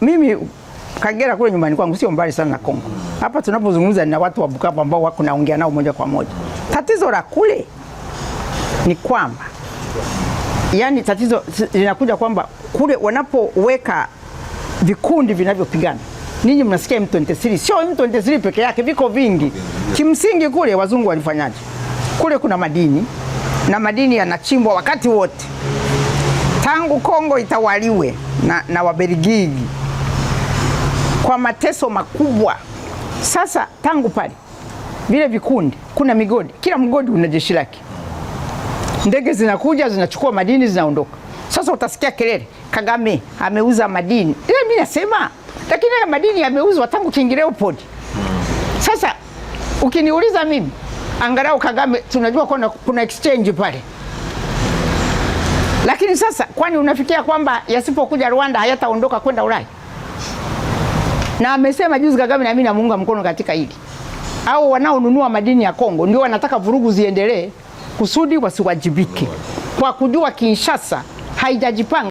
mimi Kagera kule nyumbani kwangu sio mbali sana na Kongo. Hapa tunapozungumza na watu wa Bukavu ambao wako naongea nao moja kwa moja. Tatizo la kule ni kwamba yani, tatizo linakuja kwamba kule wanapoweka vikundi vinavyopigana, ninyi mnasikia M23, sio M23 peke yake, viko vingi. Kimsingi kule wazungu walifanyaje? Kule kuna madini na madini yanachimbwa wakati wote tangu Kongo itawaliwe na, na Waberigiji kwa mateso makubwa. Sasa tangu pale vile vikundi, kuna migodi, kila mgodi una jeshi lake. Ndege zinakuja zinachukua madini zinaondoka. Sasa utasikia kelele, Kagame ameuza madini. Ile mimi nasema, lakini haya madini yameuzwa tangu King Leopold. Sasa ukiniuliza mimi, angalau Kagame tunajua kuna, kuna exchange pale, lakini sasa kwani unafikia kwamba yasipokuja Rwanda hayataondoka kwenda Ulaya? na amesema juzi Kagame, na mimi namuunga mkono katika hili. Au wanaonunua madini ya Kongo ndio wanataka vurugu ziendelee kusudi wasiwajibike, kwa kujua Kinshasa haijajipanga.